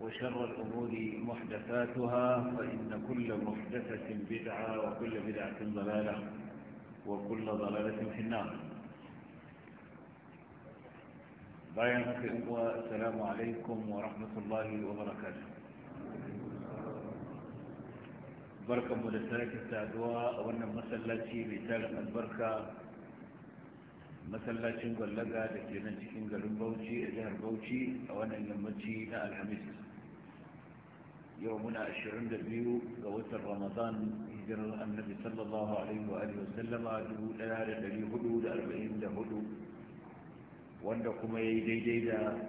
وشر الأمور محدثاتها فإن كل محدثة بدعة وكل بدعة ضلالة وكل ضلالة في النار بايعك السلام عليكم ورحمة الله وبركاته بركة مدسلات التعدواء وأن مسلاتي بتالق البركة مسلاتي مغلقة لكي ننشكين قلن بوشي أجهر بوشي وأن المجينا الحميس yau muna 22 ga watan ramadan hijirar annabi sallallahu alaihi wa alihi wasallama 1444 wanda kuma ya yi daidai da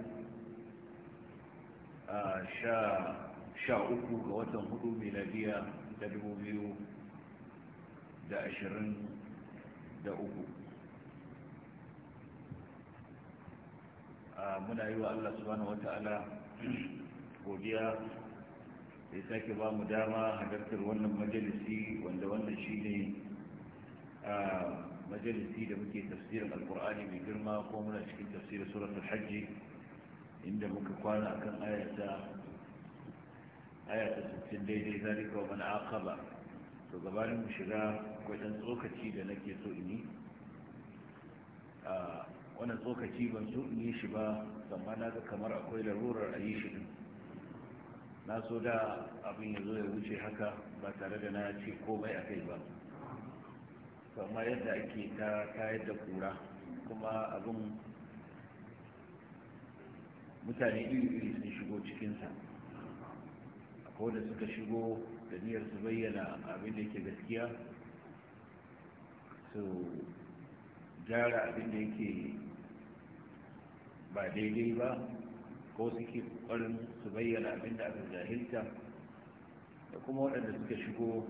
sha uku ga watan hudu miladiya da 2023 muna yi wa Allah subhanahu wata'ala godiya ya sake ba mu dama halartar wannan majalisi wanda wannan shi ne majalisi da muke tafsirin alkur'ani mai girma ko muna cikin tafsirin surat hajji inda muka kwana akan ayata ayata 60 daidai zalika wa man aqaba to gabanin mu shiga akwai dan tsokaci da nake so in yi wannan tsokaci ban so in yi shi ba amma ga kamar akwai larurar a yi shi din na so da abin ya zo ya wuce haka ba tare da na ce komai a kai ba kamar yadda ake ta kayar da kura kuma abin mutane iri-iri sun shigo cikinsa akwai da suka shigo da niyyar su bayyana abin da yake gaskiya su gyara abin da yake ba daidai ba ko suke kokarin su bayyana abin da aka jahilta da kuma waɗanda suka shigo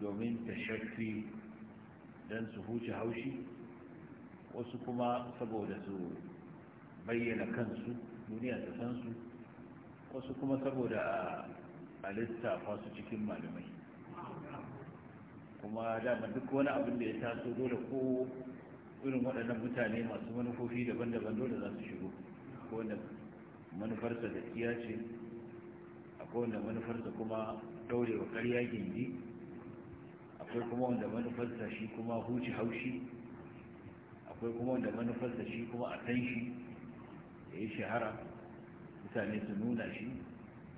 domin ta shafi don su huce haushi wasu kuma saboda su bayyana kansu duniya ta san su wasu kuma saboda a lissafa su cikin malamai kuma dama duk wani abin da ya taso dole ko irin waɗannan mutane masu manufofi daban-daban dole za su shigo Akwai wanda manufarsa da tsiya ce akwai wanda manufarsa kuma wa ƙarya gindi akwai kuma wanda manufarsa shi kuma huci haushi akwai kuma wanda manufarsa shi kuma a san shi ya yi shahara mutane su nuna shi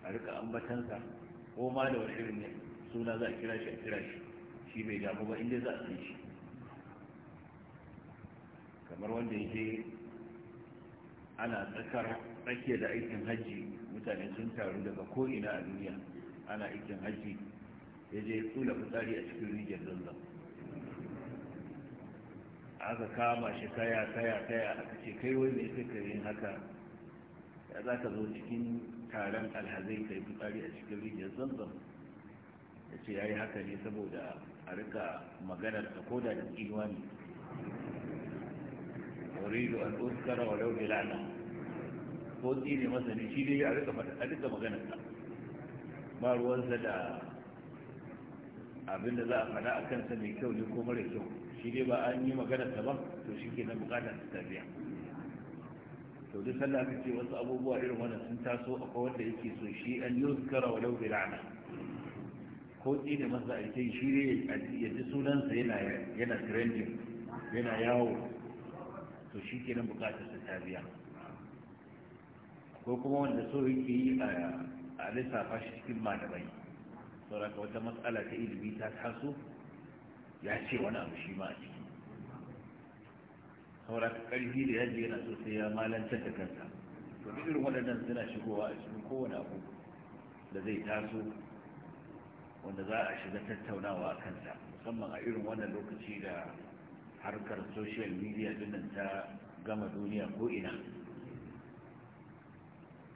a rika ambatansa ko ma da wani irin suna za a kira shi a kira shi shi bai damu ba inda za a san shi kamar wanda ya je ana tsakar tsakiya da aikin hajji mutane sun taru daga ko'ina a duniya ana aikin hajji ya je tsula fitsari a cikin rijiyar zanzan aka kama shi kaya kaya kaya aka ce kai wai mai suka yi haka ya za ka zo cikin taron alhazai kai fitsari a cikin rijiyar zanzan ya ce ya yi haka ne saboda a rika maganar ta koda da tsiwa uridu an uskara wa law bilana ko tsine masa ne shi dai a rika fata a rika magana ka ba ruwansa da abin za a fada a kansa mai kyau ne ko mara kyau shi dai ba an yi magana ba to shi ke na bukatar tafiya to duk sallah ce wasu abubuwa irin wannan sun taso akwai wanda yake so shi an yuskara wa law bilana ko tsine masa a ce shi ne ya ji sunansa yana yana yana yawo to shi kenan bukatar sa ta biya ko kuma wanda so yake yi a lissafa shi cikin malamai sauraka wata matsala ta ilimi ta taso ya ce wani abu shi ma a ciki sauraka karfi da yaji yana so sai ya malantar da kanta, to duk irin waɗannan suna shigowa a cikin kowane abu da zai taso wanda za a shiga tattaunawa a kansa musamman a irin wannan lokaci da harkar social media dinnan ta gama duniya ko ina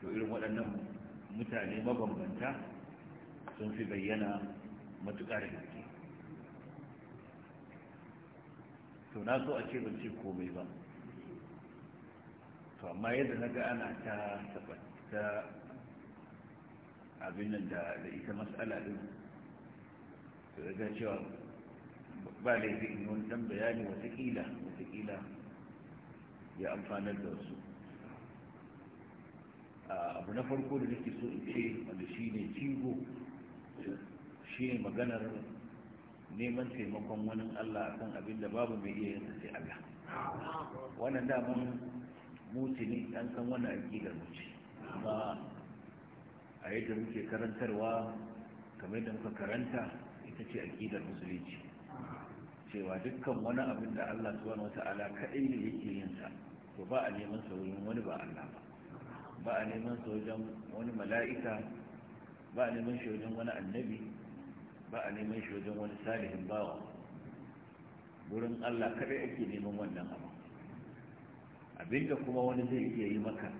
to irin waɗannan mutane mabambanta sun fi bayyana matuƙa da gaske to na so a ce ban ce komai ba to amma yadda na ga ana ta tabbata abin nan da ita matsala ɗin to ya ga cewa ba laifi in wani dan bayani watakila watakila ya amfanar da wasu abu na farko da nake so in ce wanda shi ne jigo shi ne maganar neman taimakon wani allah akan abin da babu mai iya yanzu, sai allah wannan daman mutu ne an san wani aƙidar mutu amma a yadda muke karantarwa kamar da muka karanta ita ce aƙidar musulunci cewa dukkan wani abin da Allah subhanahu wata'ala kaɗai ne yake yin sa to ba a neman sa wurin wani ba Allah ba ba a neman sa wajen wani mala'ika ba a neman shi wajen wani annabi ba a neman shi wajen wani salihin bawa wurin Allah kaɗai ake neman wannan abu abinda kuma wani zai iya yi maka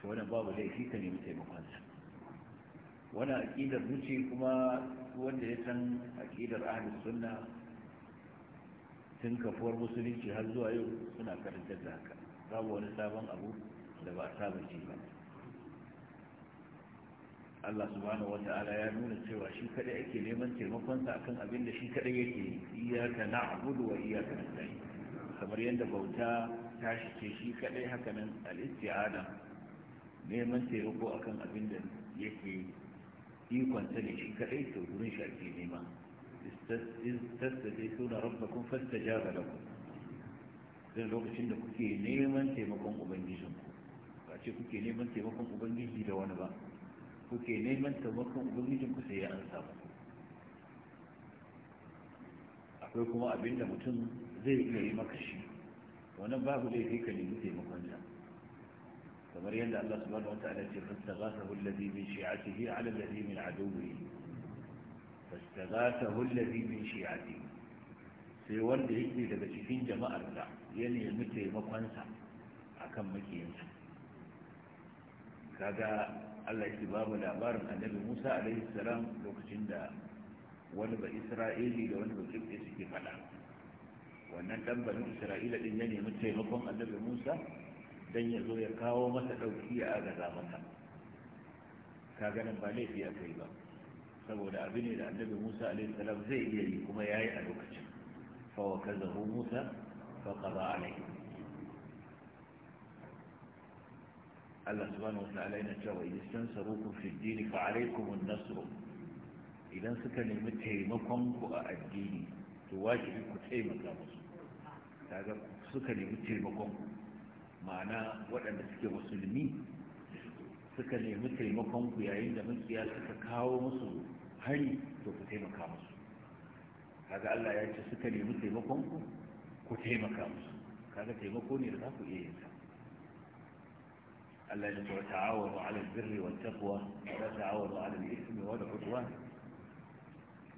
to wannan babu laifi ka nemi sa wani aƙidar zuci kuma wanda ya san aƙidar ahlus sunna tun kafuwar musulunci har zuwa yau suna karantar da haka babu wani sabon abu da ba a saba ba Allah subhanahu wa ta'ala ya nuna cewa shi kadai ake neman taimakonsa akan abin da shi kadai yake iyaka na'budu wa iyaka nasta'in kamar yadda bauta ta shike shi kadai haka nan al-isti'ana neman taimako akan abin da yake ikonsa ne shi kadai to gurin shi ake nema إذ تستغيثون ربكم فاستجاب لكم zai lokacin da kuke neman taimakon ubangijinku ba ce kuke neman taimakon ubangiji da wani ba kuke neman taimakon ubangijinku sai ya ansa muku akwai kuma abin mutum zai iya yi maka shi wannan babu zai kai ka nemi taimakonsa kamar yadda Allah subhanahu wa ta'ala ce fasta ghasahu alladhi min shi'atihi 'ala alladhi min 'aduwwihi فاستغاثه الذي من شيعته sai wanda yake daga cikin jama'ar da ya nemi taimakonsa akan makiyinsa kaga Allah yake babu labarin annabi Musa alaihi salam lokacin da wani ba Isra'ili da wani ba Kibbe suke fada wannan dan banin Isra'ila din ya nemi taimakon annabi Musa dan ya zo ya kawo masa dauki ya agaza masa kaga nan ba laifi ya kai ba saboda abin ne da annabi musa alaihi salam zai iya yi kuma ya yi a lokacin fawa kazahu musa fa qada alaihi Allah subhanahu wa ta'ala yana cewa idan san sarukum fi dini fa alaikum an-nasr idan suka nemi taimakon ku a addini to wajibi ku taimaka musu kaga suka nemi taimakon ku ma'ana waɗanda suke musulmi suka nemi taimakon ku yayin da makiya suka kawo musu hari to ku taimaka musu kaga Allah ya ce suka nemi taimakon ku ku taimaka musu kaga taimako ne da za ku iya yin sa Allah ya ce wa ta'awanu 'ala al-birri wat taqwa wa ta'awanu 'ala al-ithmi wal 'udwan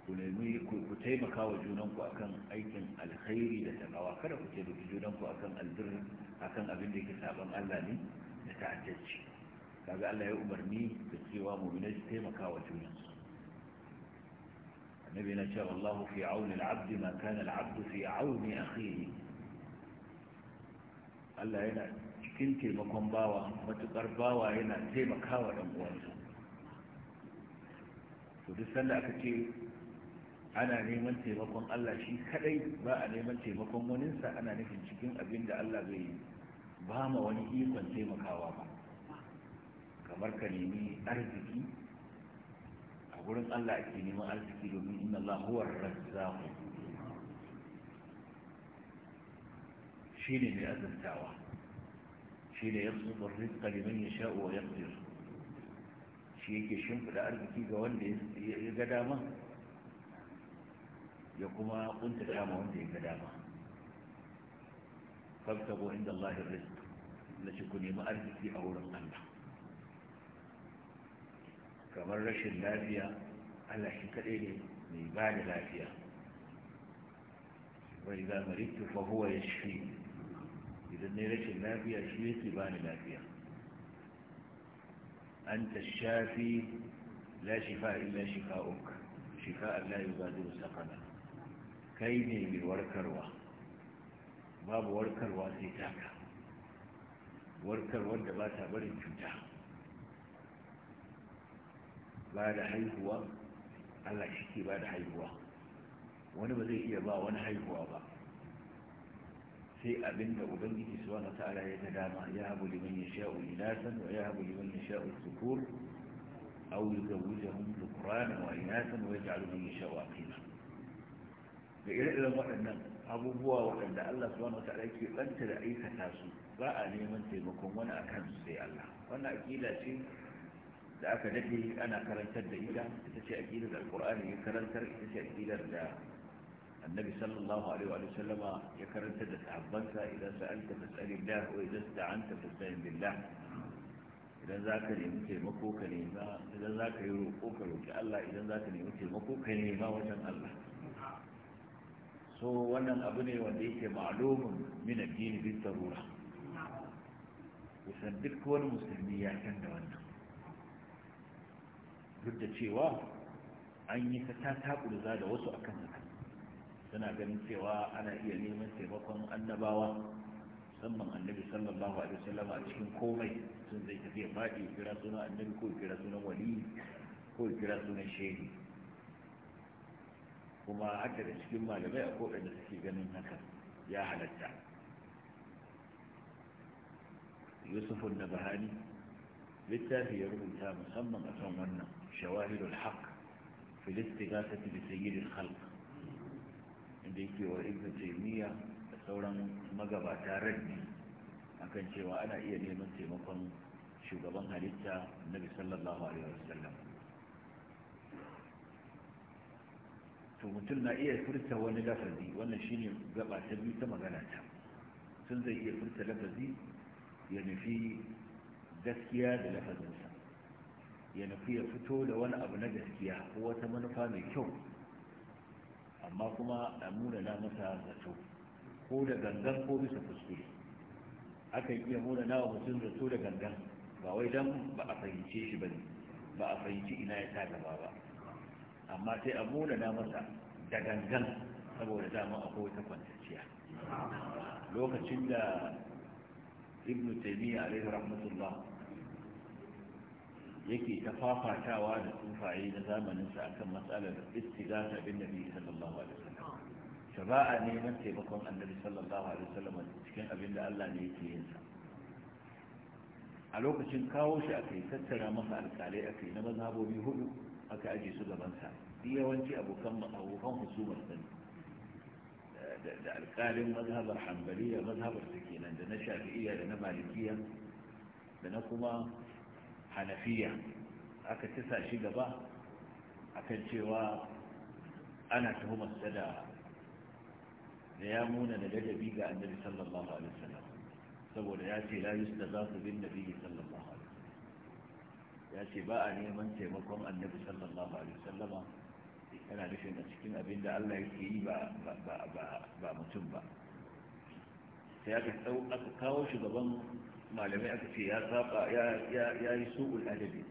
ku nemi ku taimaka wa junanku akan aikin alkhairi da takawa kada ku taimaki junanku akan albirri akan abin da ke saban Allah ne da ta'addanci kaga Allah ya umarni da cewa mu'minai su taimaka wa junansu annabi na cewa Allahu fi auni al-abd ma kana al-abd fi auni akhihi Allah yana cikin taimakon bawa matukar bawa yana taimakawa dan uwansa to duk sanda aka ce ana neman taimakon Allah shi kadai ba a neman taimakon waninsa ana nufin cikin abinda Allah bai yi ba ma wani ikon taimakawa ba kamar ka nemi arziki wurin Allah ake neman arziki domin inna Allah huwa razzaqu shine mai azantawa shine yabsutu rizqa liman yasha'u wa yaqdir shi yake shimfida arziki ga wanda ya ga dama ya kuma kunta dama wanda ya ga dama fabtabu inda Allah rizq na shi ku nemi arziki a wurin Allah kamar rashin lafiya Allah shi kaɗai ne mai ba da lafiya wai za mu fa huwa ya shi idan ne rashin lafiya shi yake ba da lafiya anta shafi la shifa illa shifa'uk shifa Allah ya zadu sakana kai ne mai warkarwa babu warkarwa sai taka warkarwa da ba ta barin cuta ba da haihuwa allah shi ke ba da haihuwa wani ba zai iya ba wani haihuwa ba sai abin da ubangiji su wani ta'ala ya ta dama ya habu liman ya sha'u inasan wa ya habu liman ya sha'u sukur au yi zawuja hun zukurana wa inasan wa ya ja'alu man ya sha'u aqima da ire-iren waɗannan abubuwa waɗanda allah su wani ta'ala ke ɓanta da aikata su ba a neman taimakon wani a kansu sai allah wannan aƙida ce da aka dade ana karantar da ita ita ce aqidar alqur'ani ya karantar ita ce aqidar da annabi sallallahu alaihi wa sallama ya karantar da sahabbansa idan sa'alta fas'alillah wa idan sta'anta fasta'in billah idan za ka nemi taimako ka nema idan za ka yi roƙo ka roƙi Allah idan za ka nemi taimako ka nema wajen Allah so wannan abu ne wanda yake ma'lumin min addini bi darura kusan duk wani musulmi ya san da wannan duk da cewa an yi ta takurza da wasu akan haka suna ganin cewa ana iya neman taimakon annabawa musamman annabi sallallahu alaihi wasallam a cikin komai sun zai tafi ya faɗi kira sunan annabi ko kira sunan wali ko kira sunan shehu kuma haka da cikin malamai a koɗa da suke ganin haka ya halatta yusufun da bahani littafi ya rubuta musamman a kan wannan شواهد الحق في الاستغاثة بسيد الخلق عند إيكي وإبن تيمية الثورة مقبع تاردني أكن شواء أنا إيا لي من تيمكم شقبانها لسا النبي صلى الله عليه وسلم ثم تلنا إيا فرصة ونلافذي وأنا شيني قبع تبني تما قلاتا تلنا إيا فرصة لفذي يعني في دسكيا لفذي ya nufi ya fito da wani abu na gaskiya ko wata manufa mai kyau amma kuma a munana masa zato ko da gangan ko bisa kuskure akan iya munana wa mutum zato da gangan ba wai don ba a fahimce shi ba ne ba a fahimci ina ya sa gaba ba amma sai a na masa da gangan saboda dama akwai ta kwantaciya lokacin da Ibn taymiyyah alaihi rahmatullah yake ta fafatawa da sufaye na zamaninsa akan matsalar istigata bin nabi sallallahu alaihi wasallam shaba'a neman taimakon annabi sallallahu alaihi wasallam cikin abin da Allah ne yake yin sa a lokacin kawo shi aka yi tattara masa alkalai aka yi na mazhabobi hudu aka aje su gabansa duk yawanci abokan abokan husumar sani da alkalin mazhabar hanbaliya mazhabar su kenan da na shafi'iyya da na malikiya da na kuma hanafiya aka tisa shi gaba akan cewa ana tuhumarsa da da ya muna da ladabi ga annabi sallallahu alaihi wasallam saboda ya ce la yusta za su bin nabi sallallahu alaihi wasallam ya ce ba a neman taimakon annabi sallallahu alaihi wasallam yana nufin a cikin abin da Allah yake yi ba ba ba mutum ba sai aka kawo shi malamai aka ce ya saba ya yi su'ul adabi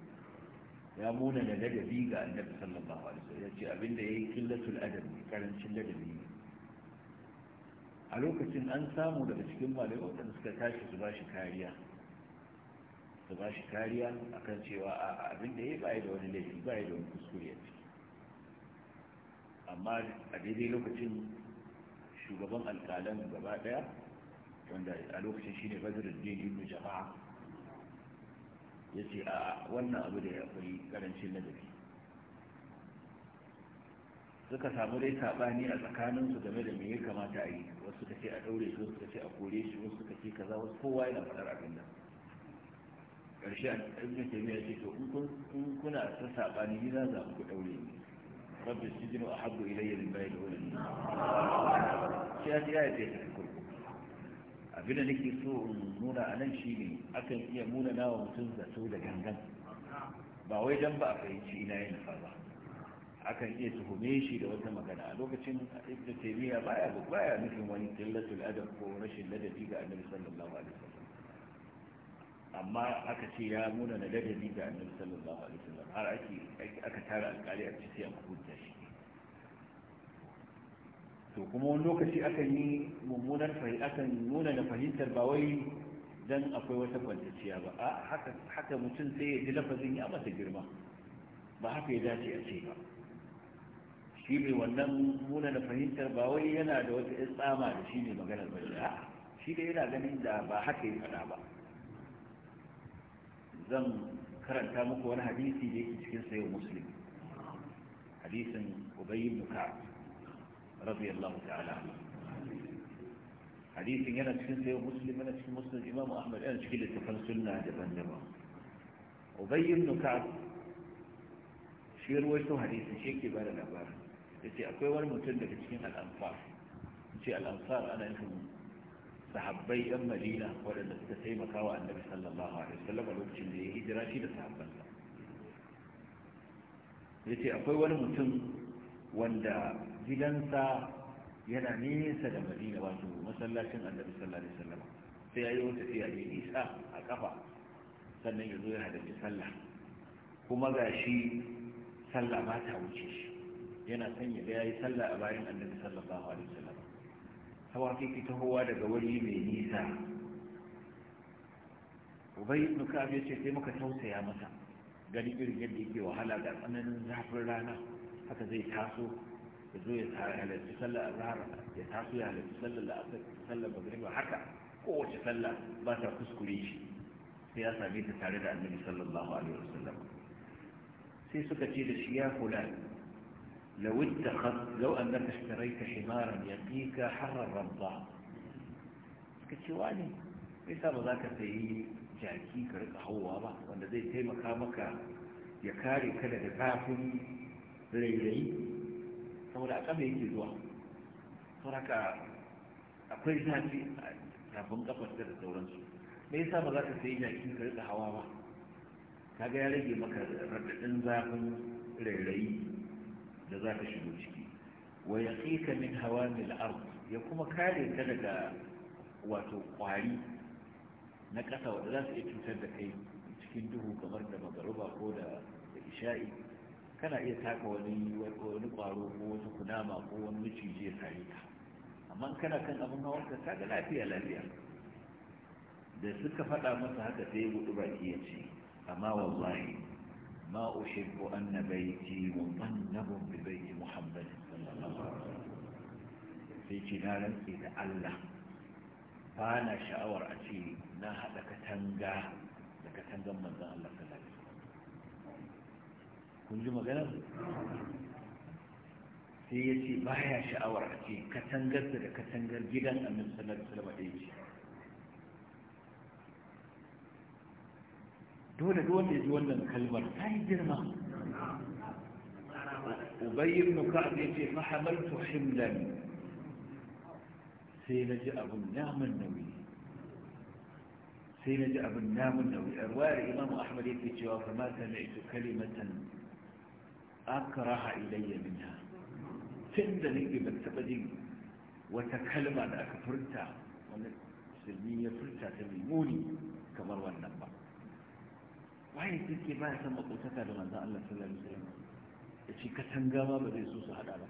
ya muna da ladabi ga annabi sallallahu alaihi wasallam ya ce abinda yayi qillatul adabi karancin ladabi ne a lokacin an samu daga cikin malamai waɗanda suka tashi su ba shi kariya su ba shi kariya akan cewa a abinda yayi ba da wani laifi baya da wani kuskure amma a daidai lokacin shugaban alƙalan gaba ɗaya wanda a lokacin shi ne badruddin ibn jama'a ya ce a wannan abu da ya akwai karancin nazari suka samu dai saɓani a tsakaninsu game da me ya kamata a yi wasu suka ce a ɗaure su wasu suka ce a kore shi wasu suka ce kaza wasu kowa yana faɗar abin nan ƙarshe ibn taymiya ce to in kuna ta saɓani ni za za ku ɗaure ni rabbi sijinu ahabbu ilayya min bayni wa min ya ce ya ce Abin da nake so in nuna a nan shi ne akan iya muna nawa mutum zato da gangan ba wai don ba a fahimci ina yin nufa ba akan iya tuhume shi da wata magana a lokacin ibn taymiya baya baya nufin wani qillatul adab ko rashin ladabi ga annabi sallallahu alaihi wasallam amma aka ce ya muna na ladabi ga annabi sallallahu alaihi wasallam har ake aka tara alƙali a cikin sai shi to kuma wani lokaci akan yi mummunar akan nuna na fahimtar ba wai dan akwai wata kwantaciya ba a haka haka mutum sai ya ji lafazin ya masa girma ba haka ya dace a ce ba shi mai wannan nuna na fahimtar ba wai yana da wata tsama da shi ne maganar ba a shi da yana ganin da ba haka ya faɗa ba zan karanta muku wani hadisi da yake cikin sayo muslim hadisin ubayyin muka'ab radiyallahu ta'ala hadisin yana cikin sayo muslim yana cikin muslim imamu ahmad yana cikin littafan sunna daban-daban ubayy ibn ka'ab shi ruwaito hadisi shi yake bada labarin yace akwai wani mutum daga cikin al'amfar ce al'amfar ana nufin sahabbai yan madina waɗanda taimakawa taimaka wa annabi sallallahu alaihi wasallam a lokacin da ya hijira shi da sahabbansa akwai wani mutum wanda gidansa yana nesa da madina wato masallacin annabi sallallahu alaihi wasallam sai ya yi wata tafiya mai nisa a kafa sannan ya zo ya halarci sallah kuma ga shi sallah ba ta wuce shi yana son ya ya yi sallah a bayan annabi sallallahu alaihi wasallam hawa kike tahowa daga wani mai nisa ubai ibn ka'ab ya ce sai muka tausaya masa gani irin yadda yake wahala da tsananin zafin rana haka zai taso ya zo ya halarci sallar azhar ya taso ya halarci sallar la'asar sallar magriba haka kowace sallah ba ta kuskure shi sai ya same ta tare da annabi sallallahu alaihi wasallam sai suka ce da shi ya kula لو اتخذ لو أنك اشتريت حمارا يقيك حر الرمضاء كتشواني ليس بذاك سيئي jaki ka rika hauwa ba wanda zai taimaka maka ya kare ka daga zafin rairayi saboda a kama yake zuwa haka akwai zafi a tafin kafar da sauransu me yasa ba za ka sayi jakin ka rika hawa ba kaga ya rage maka raɗaɗin zafin rairayi da za ka shigo ciki wa ya ka min hawa mil ard ya kuma kare ka daga wato ƙwari na ƙasa wadda za su iya cutar da kai cikin duhu kamar da magaruba ko da isha'i kana iya taka wani wani ƙwaro ko wata kunama ko wani miciji ya kare ka amma kana kan abin hawan ka kaga lafiya lafiya da suka faɗa masa haka sai ya gudu baki ya ce amma wallahi ma ushibbu anna baiti mudannabun bi baiti muhammad sallallahu alaihi wasallam sai ce na rantsi da Allah ba sha'awar a ce na haɗa katanga da katangan manzon Allah kun ji maganar sai ya ce ba ya sha'awar a ce katangarsa da katangar gidan annabi sallallahu alaihi wasallam ɗaya ce dole duk wanda ya ji wannan kalmar ta yi girma ubayy ibn ka'ab yace fa hamaltu himlan sai na ji abun namun nauyi sai na ji abun namun nauyi arwayar imamu ahmad yake cewa fa ma sami'tu kalimatan akraha ilayya minta, tun da nake ban taba jin wata kalma da aka furta wani musulmi ya furta ta mai muni kamar wannan ba waye take ba ya san makotaka da manzon Allah sallallahu alaihi wasallam ya ce san gama ba zai so su hada ba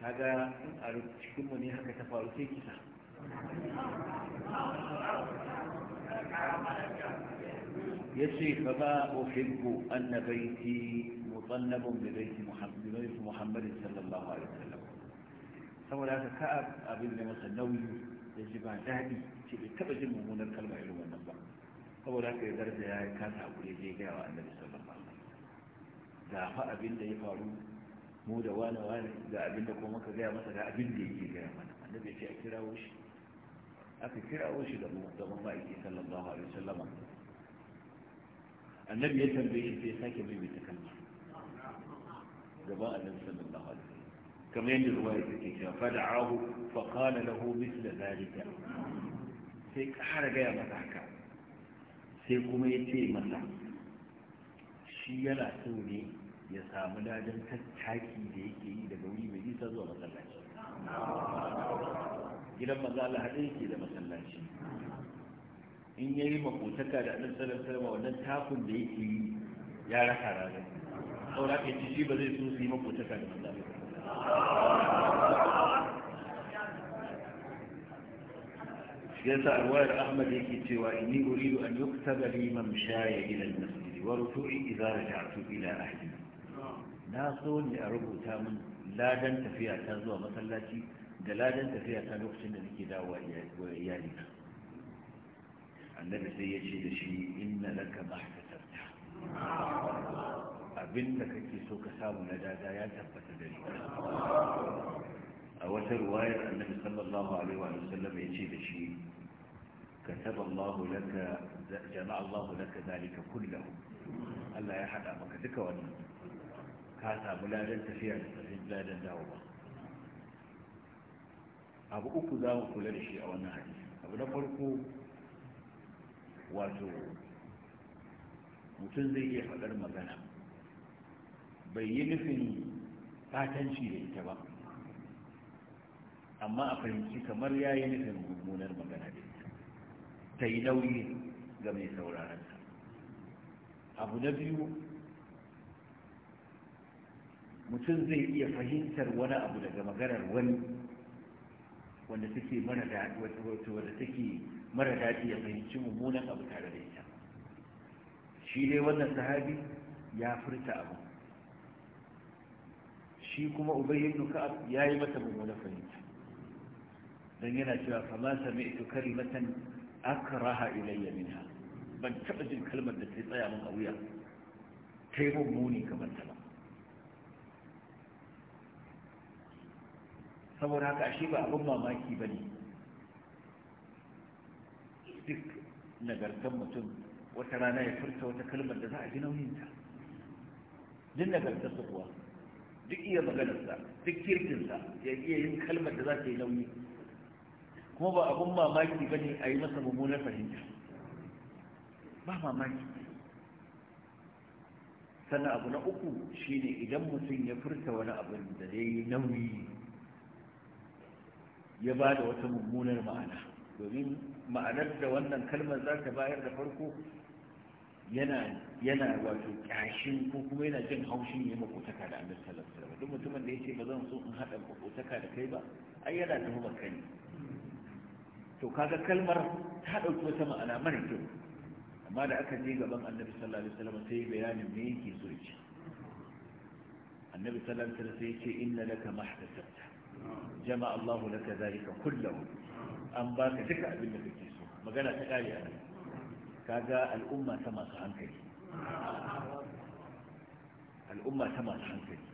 kaga in a cikin mu ne haka ta faru sai kisa يسري فما أحب أن بيتي مطلب ببيت محمد, ببيت محمد صلى الله عليه وسلم سوى تكأب أبي بن مثلا نوي يجب أن تهدي شيء تبجل ممون الكلمة علوم النبع سوى لك درجة يا كاسع أولي جيجا وأن صلى الله عليه وسلم da fa abin da ya وانا mu da wani wani da abin da kuma ka gaya masa da abin da yake gaya mana annabi ya ce a kirawo shi aka kirawo shi da mu da mamaki sallallahu alaihi wasallam annabi ya tambaye shi sai sake mai ta kalma gaba a nan sanin da hali kamar yadda ruwaya take cewa fada'ahu fa qala lahu mithla zalika sai kara gaya masa haka sai kuma ya ce masa shi yana so ne ya samu ladan tattaki da yake yi daga wuri mai nisa zuwa masallaci gidan maza Allah yake da masallaci in ya yi makotaka da annabi sallallahu alaihi wasallam wannan takun da ya yi ya raka rana saura ka ci shi ba zai so su yi makotaka da manzo shi yasa alwayar ahmad yake cewa inni uridu an yuktaba li mamshaya ila al-masjid wa rufu'i idza raja'tu ila ahli na so ne a rubuta min ladan tafiya ta zuwa masallaci da ladan tafiya ta lokacin da nake dawowa iyalina النبي سيجد شيء إن لك بحث تبتح أبنتك كيسو كساب ندا دايا تبت دليل أولا رواية النبي صلى الله عليه وسلم يجد شيء كتب الله لك جمع الله لك ذلك كله ألا يا حد أمك تكون كاسا بلاد التفير تفير بلاد الدعوة أبو أكو ذاو كل شيء أو النهاية أبو نقول wato mutum zai iya faɗar magana bai yi nufin fatanci da ita ba amma a fahimci kamar ya yi nufin mummunar magana da ita ta yi nauyi ga mai sauraronsa abu na biyu mutum zai iya fahimtar wani abu daga maganar wani wanda take mana da wata wadda take mara daɗi ya fahimci mummunan abu tare da ita shi dai wannan sahabi ya furta abu shi kuma ubayyin duka ya yi mata mummunan fahimci don yana cewa fama sami ito kalimatan akraha ilayya ha, ban taɓa jin kalmar da ta tsaya min a wuya ta yi mummuni kamar ta ba saboda haka ashe ba abin mamaki ba ne duk nagartar mutum wata rana ya furta wata kalmar da za a ji nauyinta duk nagartar su kuwa duk iya maganarsa duk kirkinsa ya iya yin kalmar da za ta yi nauyi kuma ba abun mamaki ba ne a yi masa mummunar fahimta ba mamaki sannan abu na uku shine idan mutum ya furta wani abin da ya yi nauyi ya ba da wata mummunar ma'ana domin ma'anar da wannan kalmar za ta bayar da farko yana yana wato kyashin ko kuma yana jin haushin ya makotaka da annabi sallallahu alaihi wasallam duk mutumin da yace ba zan so in hada makotaka da kai ba ai yana da tuhumar kai to kaga kalmar ta dauki wata ma'ana mara kyau amma da aka je gaban annabi sallallahu alaihi wasallam sai bayanin me yake so ya ce annabi sallallahu alaihi wasallam sai ya ce inna laka mahtasabta jama'a Allahu laka zalika kullahu an ba ka duka abin da kake so magana ta kare a nan kaga al'umma ta masu hankali al'umma ta masu hankali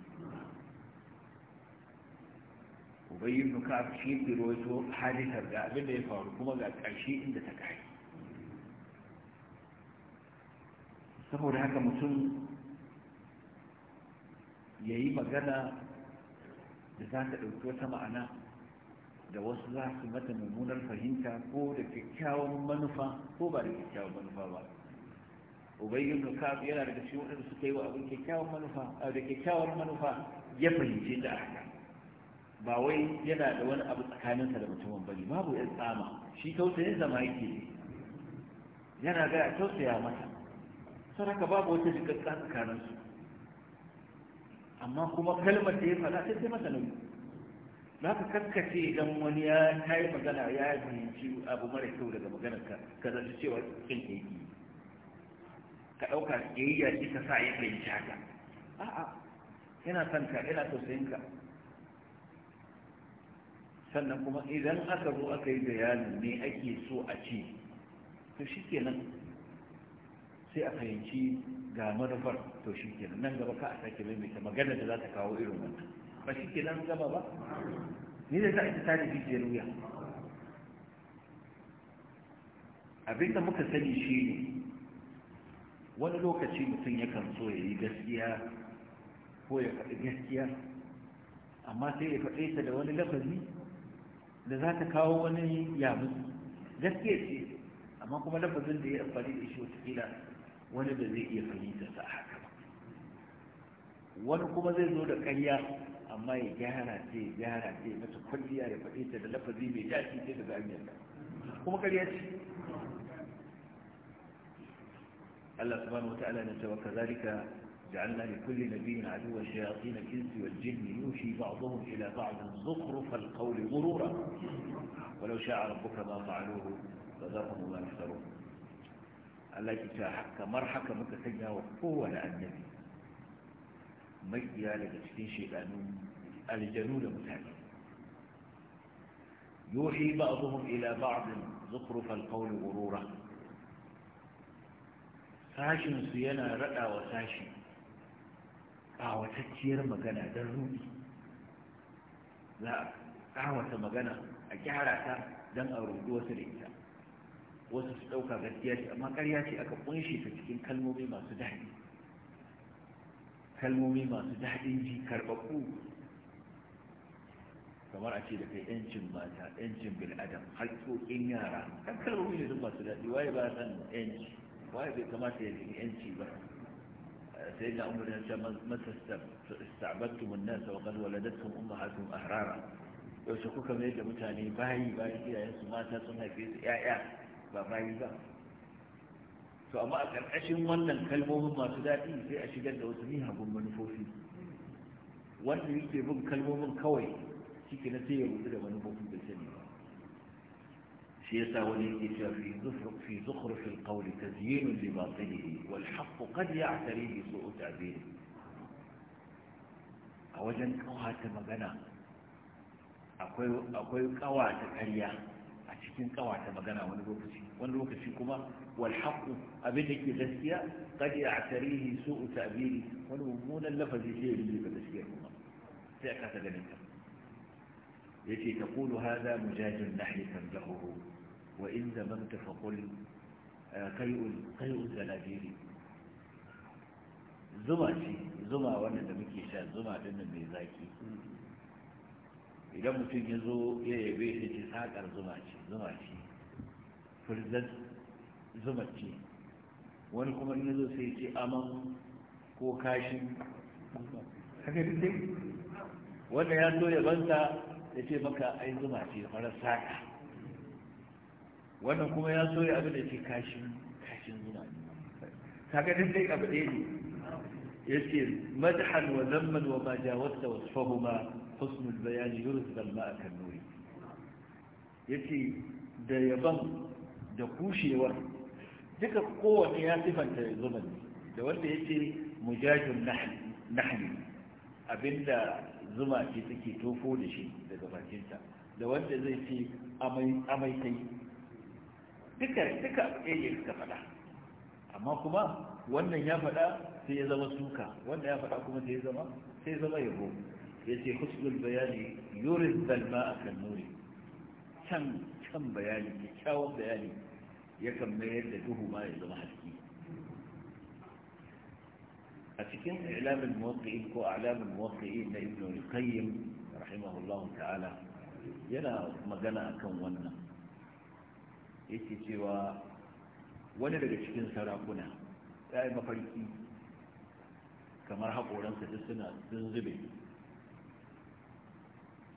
ubayin nuka shi ke rawaito hadisar ga abin da ya faru kuma ga ƙarshe inda ta kare saboda haka mutum ya yi magana da za ta ɗauki wata ma'ana da wasu za su mata mummunar fahimta ko da kyakkyawan manufa ko ba da kyakkyawan manufa ba ubayy da ka'ab yana daga cikin wadanda suka yi wa abin kyakkyawan manufa da kyakkyawan manufa ya fahimci da haka ba wai yana da wani abu tsakaninsa da mutumin bane babu ya tsama shi tausayin zama yake yana ga tausaya mata saraka babu wata jikakka tsakaninsu amma kuma kalmar da ya faɗa sai masa nauyi za ka kaskace idan wani ya kayi magana ya fahimci abu mara kyau daga maganarka, ka ka zaci cewa cikin ke yi ka ɗauka yi shi ka sa ya fahimci haka a'a yana son ka yana tausayin ka sannan kuma idan aka zo aka yi bayanin me ake so a ce to shi nan sai a fahimci ga manufar to shi ke nan gaba ka a sake maimaita magana da za ta kawo irin wannan ba shi ke nan gaba ba ni da za a ta da jijiyar wuya abin da muka sani shi ne wani lokaci mutum yakan so ya yi gaskiya ko ya faɗi gaskiya amma sai ya faɗe ta da wani lafazi da za ta kawo wani yamu gaskiya ce amma kuma lafazin da ya amfani da shi watakila wani da zai iya fahimta a haka wani kuma zai zo da ƙarya amma ya gyara ce ya gyara ce mata kwalliya ya faɗi ta da lafazi mai daɗi ce daga an yarda kuma ƙarya ce Allah subhanahu wata'ala na cewa kazalika ja'alna li kulli nabiyyin aduwwan shayatin al-ins wal jinn yushi ba'dhum ila ba'd zukhruf al-qawli ghurura walau sha'a rabbuka ma fa'aluhu fadhaqahu ma yaftarun Allah ki ta kamar haka muka sanya wa kowane annabi مجدي على شيبانون الجنود متابعين يوحي بعضهم إلى بعض زخرف القول غرورا ساشن سينا رأى وساشن قاوة تشير مكان درون لا قاوة مكان أجعل عسى دم أرود وسرعسى وسستوكى غدياتي أما قرياتي أكبونشي تتكين كلمو بما سدعني kalmomi masu daɗin ji karɓaɓɓu kamar a ce da kai yancin mata yancin bil'adam haƙƙoƙin yara kan kalmomi ne duk masu daɗi waye ba san yanci waye bai kamata ya nemi yanci ba sai na umar yanci masa istabattu mun nan sa wakar waladattun ummahatun ahrara yaushe kuka mai da mutane bayi bayi iyayensu mata sun haife su 'ya'ya ba bayi ba to amma a ƙarƙashin wannan kalmomin masu daɗi sai a shigar da wasu miyagun manufofi wanda yake bin kalmomin kawai ciki na sai ya rubu da manufofin da sani ba shi yasa wani yake cewa fi zufru fi zukhrufil qawli tazyinun li batilihi wal haqq qad ya'tari bi su'u ta'biri a wajen kawata magana akwai akwai kawata ƙarya a cikin kawata magana wani lokaci wani lokaci kuma wal haqqu abin da ke gaskiya kad ya'tarihi su'u ta'biri wani mummunan lafazi sai ya rubuta gaskiya kuma sai aka ta ganin ta yace taqulu hadha mujajun nahyi tanzahuhu wa in zamanta faqul kai'ul kai'ul zalabiri zuma ce zuma wannan da muke sha zuma din mai zaki idan mutum ya zo ya yabe shi ce sakar zuma ce zuma ce furzar zumace wani kuma in zo sai ce aman ko kashin haka wanda ya so ya banta ya ce maka ai zuma ce farar wannan kuma ya so ya abin da ce kashin kashin zuma ne haka abu ɗaya ne يسير wasu fahuma, وما جاوزت وصفهما حسن a يرث الماء كالنور يتي ده يبن da kushewar duka kowane ya sifanta zuman da wanda yake mujajin nahli abinda zuma ce take tofo da shi daga bakinta da wanda zai ce amai kai duka duka ɗaya suka faɗa amma kuma wannan ya faɗa sai ya zama suka wanda ya faɗa kuma sai ya zama sai ya zama yabo ya ce husnul bayani yurin zalma a kan nuri can can bayani kyakkyawan bayani yakan mayar da duhu ma ya zama haske a cikin ilamin muwaqqi'in ko alamin muwaqqi'in na ibn al-qayyim rahimahullahu ta'ala yana magana akan wannan yake cewa wani daga cikin sarakuna ya yi mafarki kamar haƙoransa duk suna sun zube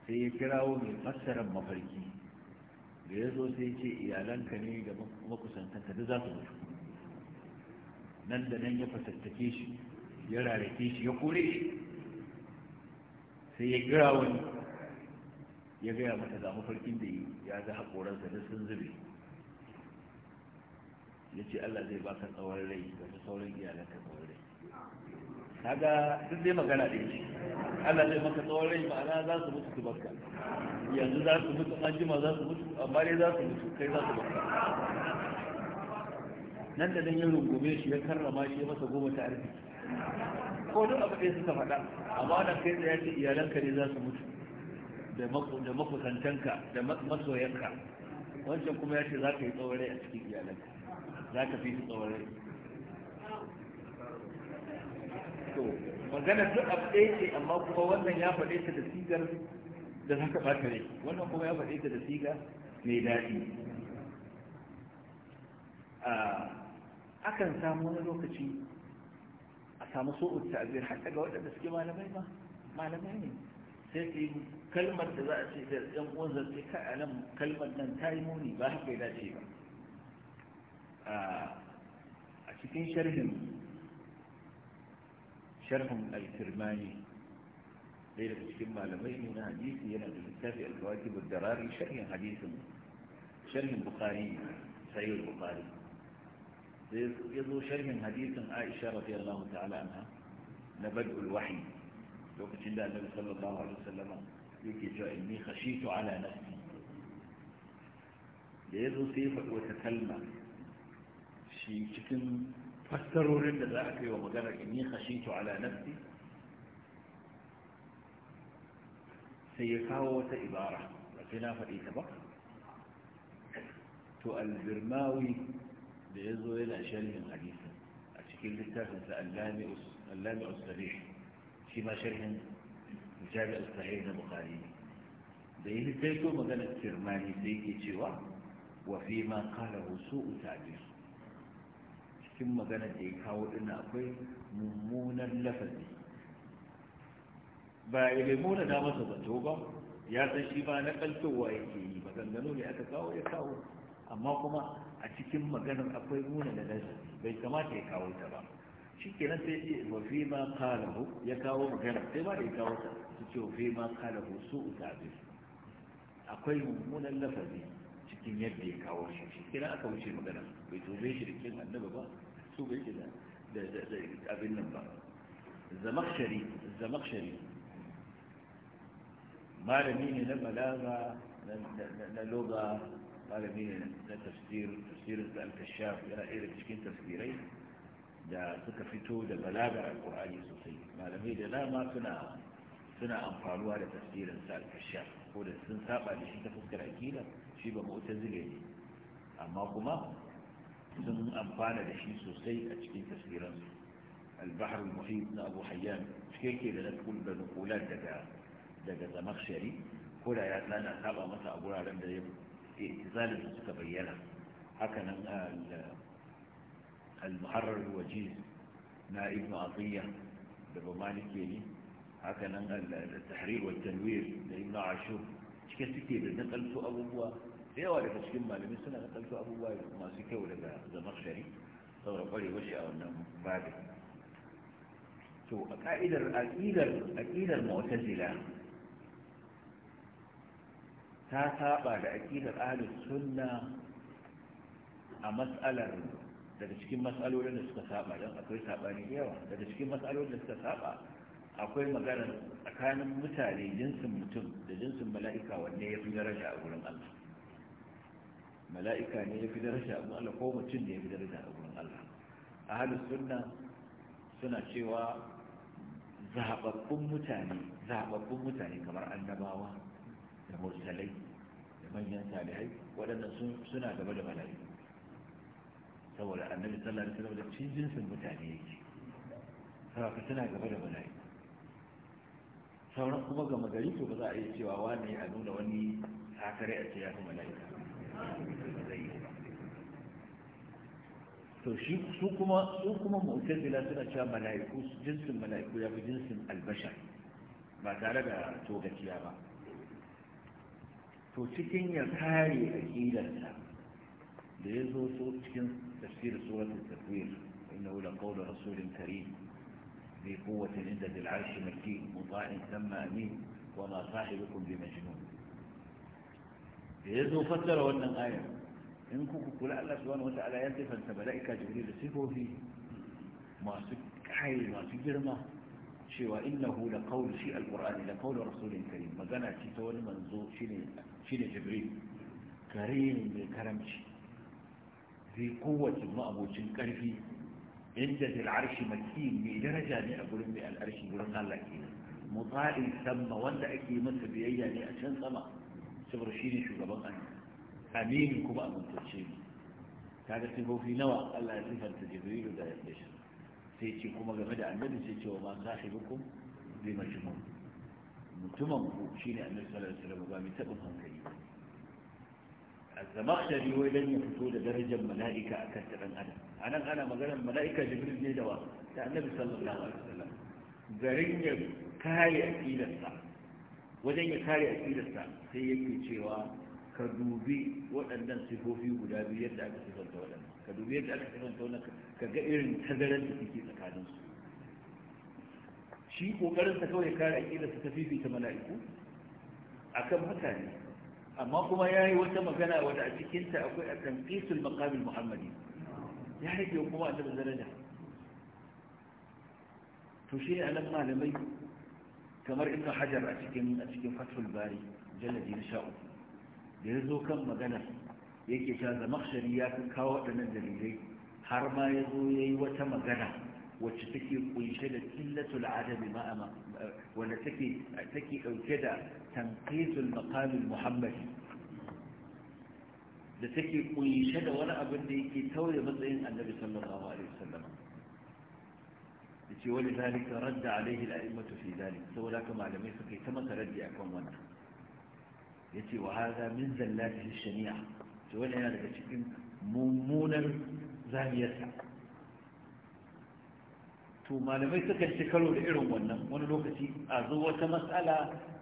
sai ya kirawo mai fassarar mafarki da ya zo sai ce iyalanka ne da makusantanka da za su mutu nan da nan ya fasattake shi ya rarrake shi ya kore shi sai ya gira wani ya gaya mata ga mafarkin da ya ga haƙoransa da sun zube ya ce Allah zai baka tsawon rai da sauran iyalanka tsawon kaga duk dai magana da shi Allah zai maka tsoron ma'ana za su mutu su baka yanzu za su mutu an jima za su mutu amma dai za su mutu kai za su baka nan da nan ya rungume shi ya karrama shi ya masa goma ta arziki ko duk abu ɗaya suka faɗa amma wannan kai tsaye ce iyalanka ne za su mutu da makusantanka da masoyanka wancan kuma ya ce za ka yi tsaurai a cikin iyalanka za ka fi su tsaurai. to magana duk abu ɗaya ce amma kuma wannan ya faɗe ta da sigar da za ka ɓata ne, wannan kuma ya faɗe ta da sigar mai daɗi akan samu wani lokaci a samu so'ud ta'zir har daga waɗanda suke malamai ba, malamai ne sai su yi kalmar da za a ce da ɗan uwan zance ka a nan kalmar nan ta yi muni ba haka ya dace ba a cikin sharhin شرحهم الكرماني غير الشمى لبين من حديث ينبي الكتاب الواجب الدراري شرح حديث شرح البخاري سعيد البخاري يضو شرح حديث عائشة رضي الله تعالى عنها لبدء الوحي لو كنت الله النبي صلى الله عليه وسلم يكي جاء إني خشيت على نفسي يضو سيفك وتكلم شيء كتن فاستروا رند الأحد ومدرك إني خشيت على نفسي سيفاوة إبارة وخلافة إيه إتبق تؤل برماوي بإذو إلى أشياء من حديثة أشكل لتاك أنت اللامع السريح كما شرح جابع الصحيح البخاري بإذن تيكو مدنة سرماني سيكي وفيما قاله سوء تعبير cikin magana da ya kawo din akwai mummunan lafazi ba ya bai mona da masa zato ba ya san shi ba na kaltowa yake yi ba maganganu ne aka kawo ya kawo amma kuma a cikin maganar akwai muna da lafazi bai kamata ya kawo ta ba shi kenan sai ce wa fi ma kalahu ya kawo magana sai ba da ya kawo ta su ce wa fi ma kalahu su utabi akwai mummunan lafazi cikin yadda ya kawo shi shi aka wuce magana bai tobe shi da kin annaba ba su bai ce da abin nan ba zamakshari zamakshari malami ne na balaga na loga malami ne na tafsir tafsirin da al-kashaf yana iya cikin tafsirai da suka fito da balagar alkur'ani sosai malamai da dama suna suna amfanuwa da tafsirin sa al ko da sun saba da shi ta fuskar akida shi ba mu'tazile ne amma kuma sun amfana da shi sosai a cikin tasirinsu البحر المحيط أبو حيان شكيكي لنقول بنقولات دقا دقا زمخشري كل عياتنا أصابع مثل أبو العالم ده اتزال السكة بيانا هكذا المحرر الوجيز نا ابن عطية ببماني كيني هكذا التحرير والتنوير لابن عاشور شكيكي لنقل سؤال أبوه da yawa daga cikin malamai suna da ɗauki abubuwa masu kyau daga zamar shari saboda kwarewa shi a wannan babin to a ka'idar aƙidar aƙidar ta saba da aƙidar ahlus sunna a matsalar daga cikin matsalolin da suka saba don akwai sabani da yawa daga cikin matsalolin da suka saba akwai magana tsakanin mutane jinsin mutum da jinsin mala'ika wanne ya fi daraja a gurin Allah mala'ika ne ya fi daraja a Allah ko mutum ne ya fi daraja a gurin Allah a halin sunna suna cewa zababbun mutane zababbun mutane kamar annabawa da mursalai da manyan salihai waɗannan suna gaba da mala'iku saboda annabi sallallahu alaihi wasallam da cikin jinsin mutane yake saboda suna gaba da mala'iku sauran kuma gama gari to ba za a iya cewa wani a nuna wani sakare a ce ya fi mala'ika to shi su kuma su kuma mu'tazila suna cewa mala'iku jinsin mala'iku ya fi jinsin albashar ba tare da to togaciya ba to cikin ya kare aqidarsa da ya zo so cikin tafsir suratul inna la qawla rasulin karim bi quwwatin inda dil arshi makki muta'in thumma amin wa ma sahibukum bi majnun da ya zo fassara wannan ayar in kuku kula Allah subhanahu wata'ala ya sifanta mala'ika jibril da sifofi masu kai masu girma cewa innahu la qawlu shi alqur'ani la qawlu rasulin karim magana ce ta wani manzo shine shine jibril karim mai karamci zai kowace ma'abocin karfi inda zil arshi makin mai daraja ne a gurin mai al'arshi gurin Allah kenan mutsa'in wanda ake masa biyayya ne a can sama saboda shi ne shugaban an aminin kuma amintacce ne Ta ga sifofi nawa Allah ya sifanta jibrilu da yadda shi sai ce kuma game da annabi sai ce wa ma sahibukum bi majnun mutumin ku shine annabi sallallahu alaihi wasallam ba mai tabin hankali az-zamakhshari wai dan ya fito da darajar mala'ika akan ta dan adam anan ana maganar mala'ika jibril ne da wa da annabi sallallahu alaihi wasallam garin ya kare akidarsa wajen ya kare aqidarsa sai yake cewa ka dubi waɗannan sifofi guda biyu yadda aka sifanta waɗannan ka dubi yadda aka sifanta waɗannan ka ga irin tazarar da suke tsakanin su shi kokarin sa kawai kare aqidarsa ta fifita mala'iku akan haka mutane amma kuma ya yi wata magana wadda a cikinta akwai a kan maqam al-muhammadi ya rage kuma a darajar to shi ne anan malamai kamar ibn hajar a cikin a cikin fathul bari jalladi na sha'u da ya zo kan magana yake ta zamakhshari ya kawo waɗannan dalilai har ma ya zo ya yi wata magana wacce take kunshe da illatul adami ma'ama wanda take take da tanqisul maqamil muhammadi da take kunshe da wani abin da yake tauye matsayin annabi sallallahu alaihi wasallam yace wani zalika radda alaihi al-a'immatu fi zalik saboda haka malamai suka yi ta masa raddi akan wannan yace wa hadha min zallatihi shani'a to wani yana daga cikin mummunar zamiyarsa to malamai suka ci karo da irin wannan wani lokaci a zo wata matsala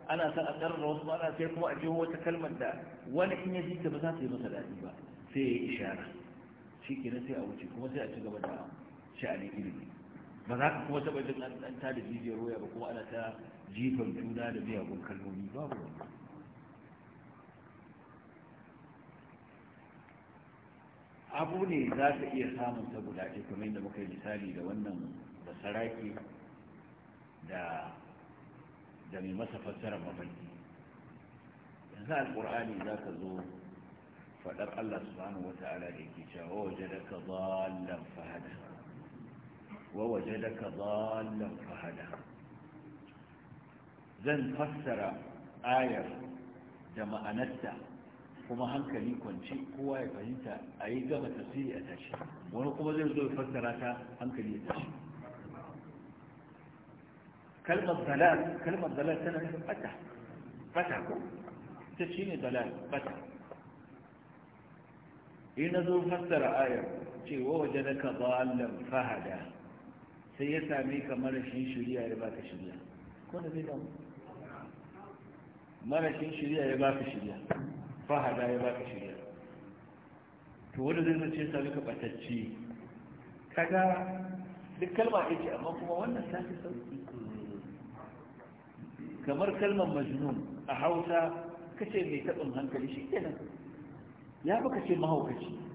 ana son a karra wasu ma'ana sai kuma a jiho wata kalmar da wani in ya ji ba za ta yi masa daɗi ba sai ya yi ishara shi kenan sai a wuce kuma sai a ci gaba da sha'anin ilimi ba za ka kuma taɓa jin an ta da jijiyar waya ba kuma ana ta jifan juna da miyagun kalmomi babu wannan abu ne za ka iya samun ta guda ɗaya kamar yadda muka yi misali da wannan da saraki da da mai masa fassarar mafarki yanzu alƙur'ani za ka zo faɗar allah subhanahu wa ta'ala da yake cewa wajen da ka zalan fahada ووجدك ضالا فهدى زن فسر آية جمع نتا كما هنك ليكون شيء قوة فهنت أي قبة تصير أتاشي ونقوم بذلك فسر آية هنك لي أتاشي كلمة ضلال كلمة ضلال سنة فتح فتح تشيني ضلال فتح إن ذو فسر آية ووجدك ضالا فهدا sai ya same ka marashin shirya ya baka shirya ko da zai damu marashin shirya ya baka shirya fahada ya baka shirya to wanda zai zace ya same ka batacci kaga duk kalma ya ce amma kuma wannan ta fi sauki kamar kalmar majnun a hausa kace mai taɓin hankali shi kenan ya baka ce mahaukaci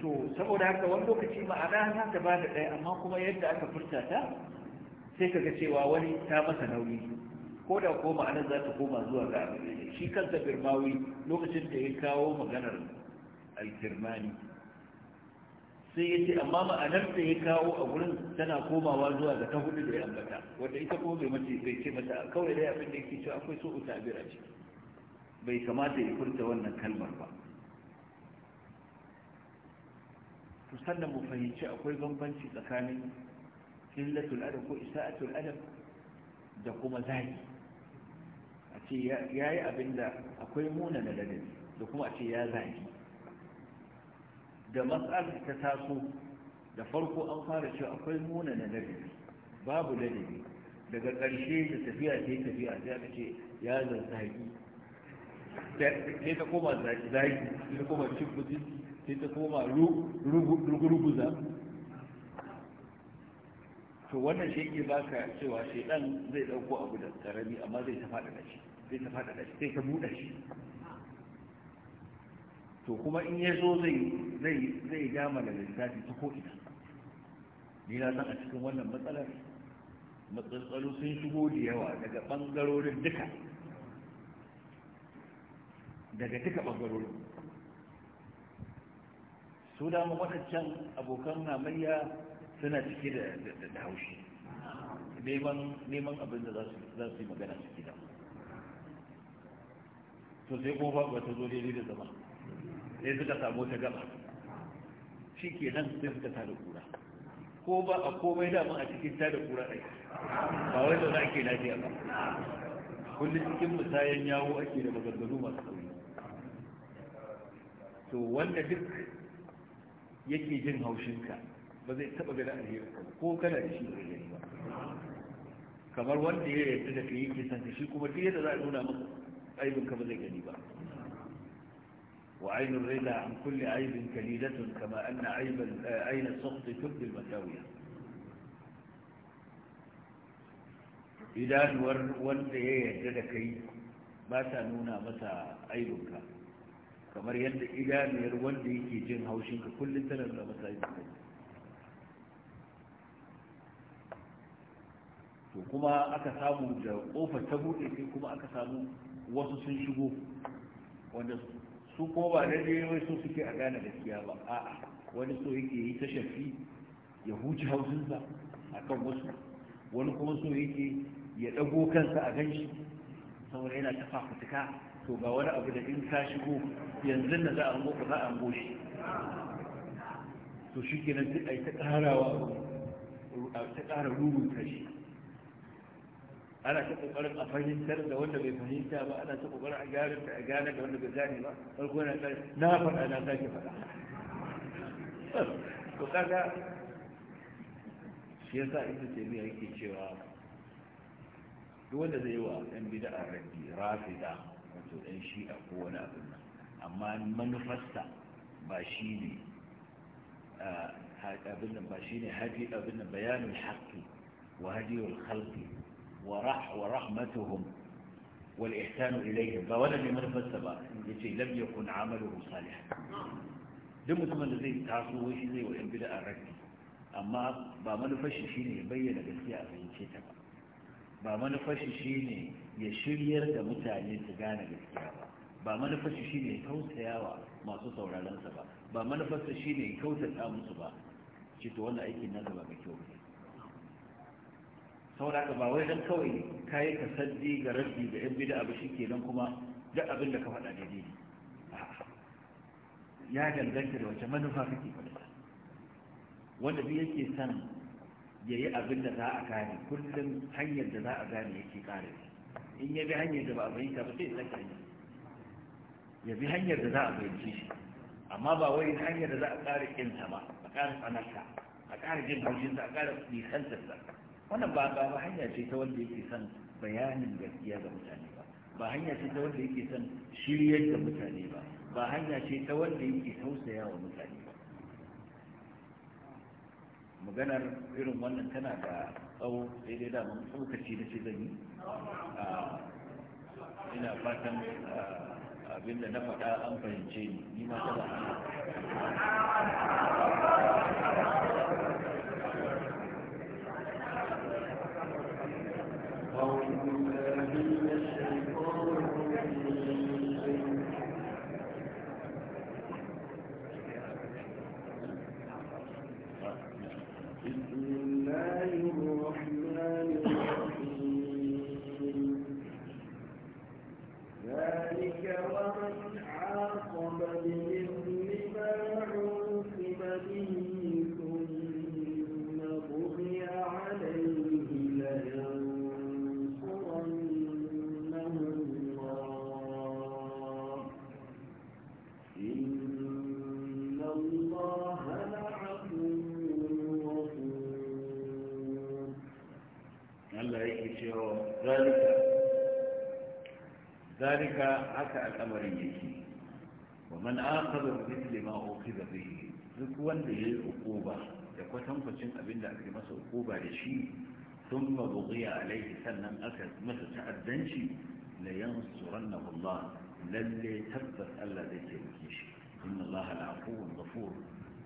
to saboda haka wani lokaci ma'ana za ta ba da ɗaya amma kuma yadda aka furta ta sai ka ga cewa wani ta masa nauyi ko da ko ma'anar za ta koma zuwa ga shi kansa birmawi lokacin da ya kawo maganar alkirmani sai ya ce amma ma'anar da ya kawo a gurin tana komawa zuwa ga ta hudu da ya ambata wanda ita kuma bai mace bai ce mata kawai dai abin da yake cewa akwai so utabira ce bai kamata ya furta wannan kalmar ba to sannan mu fahimci akwai bambanci tsakanin illatul adab ko isa'atul adab da kuma zagi a ce ya yi abin da akwai muna na ladabi da kuma a ce ya zagi da matsalar ta taso da farko an fara cewa akwai muna na ladabi babu ladabi daga ƙarshe da tafiya ta yi tafiya sai aka ce ya zazzagi sai ta koma zagi sai ta koma cin mutunci sai ta koma ruguruguza to wannan shi ke ba ka cewa shaidan zai dauko abu da tarami amma zai ta fada da shi zai ta fada da shi sai ta buɗa shi to kuma in ya zo zai dama da lissafi ta ina ni na san a cikin wannan matsalar matsaltsalo sun shigo da yawa daga bangarorin duka daga duka bangarorin. su dama waɗancan abokan namayya suna cike da haushi neman abin da za su yi magana ciki da to sai ko ba ta zo daidai da zama sai suka samu ta gaba shi ke nan sai suka da kura ko ba a komai dama a cikin ta da kura ɗaya? ba wai zaune ake lafiya ba kullum cikin musayen yawo ake da maganganu masu sauri to wanda duk yake jin haushinka ba zai taba gani alherin ka ko kana da shi ba gani ba kamar wanda ya yarda da kai yake san shi kuma duk yadda za a nuna maka aibin ka ba zai gani ba wa ainul rida an kulli aibin kalilatun kama anna aiban aina sakht tubdi al-masawiya idanuwar wanda ya yarda da kai ba ta nuna masa aibinka kamar yadda idaniyar wanda yake jin haushin ka kullum tana da masa yi to kuma aka samu da kofa ta buɗe sai kuma aka samu wasu sun shigo wanda su ko ba ne wai so suke a gane gaskiya ba a'a wani so yake yi ta shafi ya huce a akan wasu wani kuma so yake ya ɗago kansa a ganshi saboda yana ta fafutuka to ga wani abu da in ka shigo yanzu na za a muku za a goshi to shi kenan duk a yi ta karawa a ta kara rubun kashi ana ta kokarin a fahimtar da wanda bai fahimta ba ana ta kokarin a gyara ta a gane da wanda bai gane ba farko yana ƙari na faɗa na zaki faɗa to kaga shi yasa ita ce mai yake cewa duk wanda zai yi wa ɗan bid'a rabbi da to dan shi a ko wani abin nan amma manufarsa ba shi ne abin nan ba shi ne haji abin nan bayanul haqqi wa hadiyul khalqi wa rah wa rahmatuhum wal ihsanu ilayhim ba wannan ne manufarsa ba yace lam yakun amaluhu salih duk mutumin da zai taso shi zai wa yan a rabbi amma ba manufar shi shine ya bayyana gaskiya a fahimce ta ba ba manufashi shine ya shiryar da mutane su gane gaskiya ba ba manufarsa shine ya tausayawa masu sauraronsa ba ba manufarsa shine ya kautata musu ba ce to wannan aikin na gaba ga kyau sauraka ba wai don kawai kayi ka saddi ga rabbi ga yan bid'a ba shikenan kuma duk abin da ka faɗa daidai ya danganta da wace manufa kake faɗa wanda bi yake san ya yi abin da za a gane kullum hanyar da za a gane yake kare in ya bi hanyar da ba a bayyanta ba sai ya saka hanyar ya bi hanyar da za a bayyanci shi amma ba wai hanyar da za a kare ƙinsa ba a kare tsanarsa a kare jin haushinsa a ƙara nisantarsa wannan ba ba hanya ce ta wanda yake son bayanin gaskiya ga mutane ba ba hanya ce ta wanda yake son shiryar da mutane ba ba hanya ce ta wanda yake tausaya wa mutane ba maganar irin wannan tana da tsawo daidai da damar tsokaci da ce zan yi ah, ina fatan ah, abin da na faɗa an fahimce ni ni ma ta ba shakka haka al'amarin yake wa man akhadha mithli ma ukhidha bihi duk wanda yayi ukuba da kwatankwacin abin da aka masa ukuba da shi thumma bughiya alayhi sannan aka masa ta'addanci la yansurannahu Allah lalle tabbas Allah zai taimake shi inna Allah al-afuwwur ghafur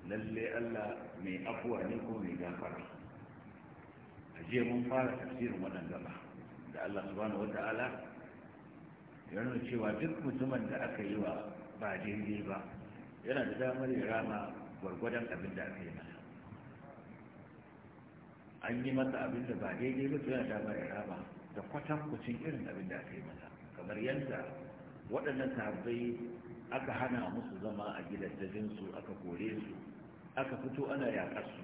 lalle Allah mai afuwa ne ko mai gafara aje mun fara tafsirin wannan gaba da Allah subhanahu wata'ala ya nuna cewa duk mutumin da aka yi wa ba daidai ba yana da damar ya rama gwargwadon abin da aka yi masa an yi masa abin da ba daidai ba yana da damar ya rama da kucin irin abin da aka yi masa kamar yadda waɗannan sahabbai aka hana musu zama a gidajensu aka kore su aka fito ana yaƙar su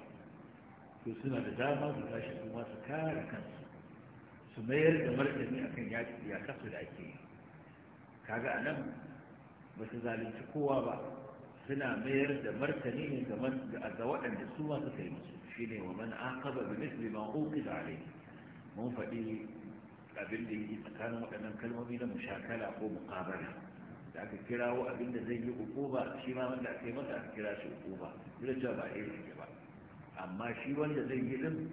to suna da dama su tashi kuma su kare kansu su mayar da martani akan yaƙar su da ake yi kaga anan ba su zalunci kowa ba suna mayar da martani ne ga waɗanda su ma suka yi musu shi ne wa mana, an kaba bi misli ma da alai mun faɗi abin da yake tsakanin waɗannan kalmomi na mushakala ko muqabala da aka kira wa abin da zai yi ukuba shi ma wanda aka yi masa aka kira shi ukuba dole cewa ba irin shi ba amma shi wanda zai yi din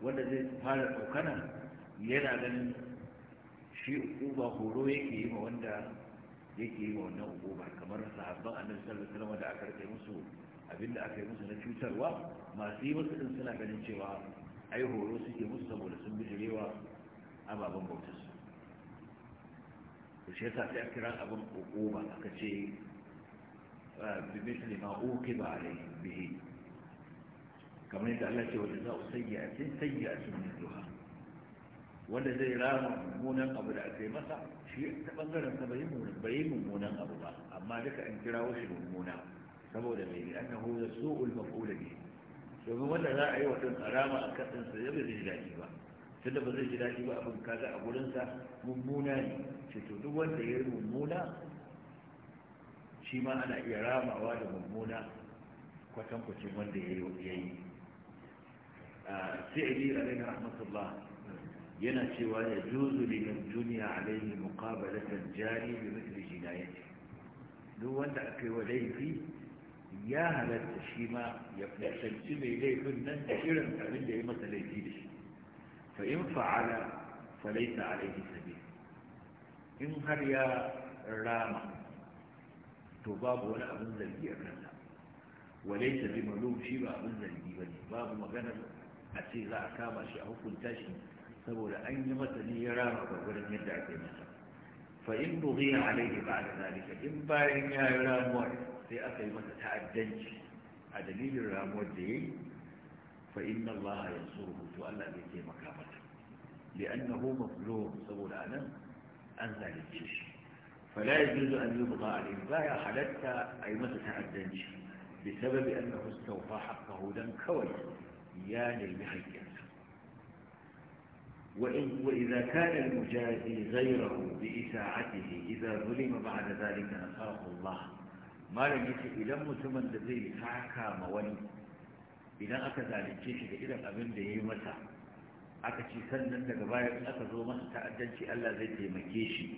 wanda zai fara ɗaukana yana ganin shi uba horo yake yi ma wanda yake yi ma wannan ukuba kamar sahabban annabi sallallahu alaihi wasallam da aka rike musu abinda aka yi musu na cutarwa masu yi wasu din suna ganin cewa ai horo suke musu saboda sun bijirewa ababen bautar su to shi yasa sai kira abin ukuba aka ce بمثل ah, kamar yadda Allah ce كما يتعلق وجزاء سيئة سيئة مثلها wanda zai rama mummunan abu da aka yi masa shi ta bangaren sa bai yi mummunan abu ba amma duka an kira shi mummuna saboda mai bi an nahu da su'ul maf'ula bi domin wanda za a yi wa a rama a kasan sa ya bai ji daɗi ba tunda ba zai ji daɗi ba abin kaga a gurin sa mummuna ne ce to duk wanda ya yi mummuna shi ma ana iya ramawa da mummuna kwatankwacin wanda ya yi Sai a yi a ah, alaihi rahmatullah yana cewa ya juzu limin duniya alaihi muqabalatan jari bi mithli jinayati duk wanda aka yi wa laifi ya halatta shi ma ya fuskanci mai laifin nan da irin abin da ya masa laifi da shi fa in fa'ala falaita alaihi sabil in har ya rama to babu wani abin zargi a kansa walaita bi malum shi ba abin zargi bane babu maganar a ce za a kama shi a hukunta shi saboda an yi masa ne ya rama gwagwarin yadda ake masa fa in bughiya alaihi ba'da zalika in bayan ya yi ramuwar sai aka yi masa ta'addanci a dalilin ramuwar da yayi fa inna Allah yansuruhu to Allah zai taimaka masa li'annahu mazlum saboda anan an zalunce shi fala yajuzu an yubgha alaihi ba ya halatta a yi masa ta'addanci بسبب أنه استوفى حقه دم كوي يا للمحيّن وإذا كان المجازي غيره بإساعته إذا ظلم بعد ذلك نصره الله ما لم يكن إلى متمن الذي فعكا مولي إذا أكا ذلك شيء إذا أمن به متى أكا شيء سنن لقبايا أكا ذو متى تأدن شيء ألا زي تيمكيشي